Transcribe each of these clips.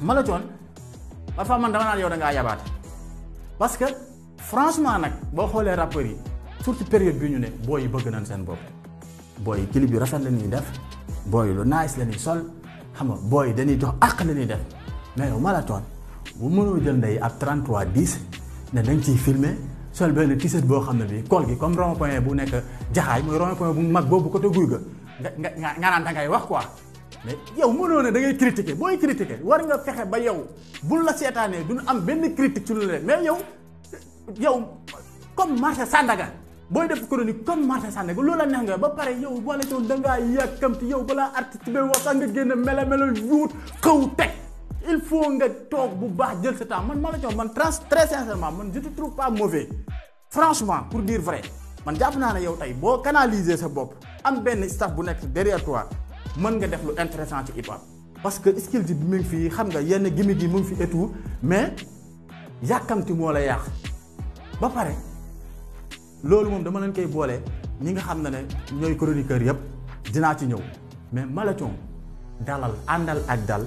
Malathione parfois man dama naan yow dangaa ngaa yabaate parce que franchement nag boo xoolee rappeurs yi surtout période bi ñu ne booy yi bëgg nañ seen bopp booy yi clip yu rafet la ñuy def booy lu nice la ñuy sol xam nga booy yi dañuy jox àq la ñuy def mais yow Malathione bu mënoo jël ndey ab 33 10 ne da nga ciy filmer sol benn t-shirt boo xam ne bii kool gi comme rond point bu nekk jaxaay mooy rond point bu mag boobu côté guy ga nga nga nga naan da wax quoi. mais yow mënoo ne da ngay critiquer booy critiquer war nga fexe ba yow bul la seetaanee duñu am benn critique ci lu le mais yow yow comme marché Sandaga booy def chronique comme marché Sandaga loola neex nga ba pare yow boole ci da ngaa yàkkamti yow balaa artiste bi wax sax nga génn melo melo yuut xaw teg il faut nga toog bu baax jël sa temps man ma la jox man trans très sincèrement man je te trouve pas mauvais franchement pour dire vrai man jàpp naa ne yow tey boo canaliser sa bopp am benn staff bu nekk derrière toi. mën nga def lu intéressant ci hip hop parce que skill bi mu ngi fii xam nga yenn gimmick yi mu ngi fi et mais yàkkamti moo la yàq ba pare loolu moom dama leen koy boole ñi nga xam ne ne ñooy chroniqueur yëpp dinaa ci ñëw mais Malathion dalal àndal ak dal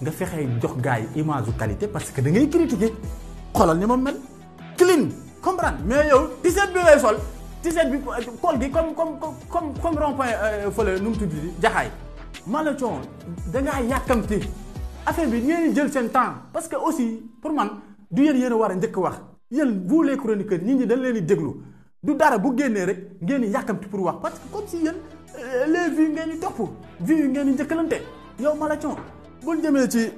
nga fexee jox gars yi image de qualité parce que da ngay critiquer xolal ni ma mel clean comprendre mais yow t-shirt bi ngay sol. tiset bi bi comme comme comme comme rond point euh, fële nu mu tudd di jaxaay da affaire bi jël temps parce que aussi pour moi, du yéen yéen a war a njëkk wax yéen vous les chroniqueurs ñi dañ leen di déglu du dara bu rek parce que comme si yéen euh, les vues ngeen di topp vues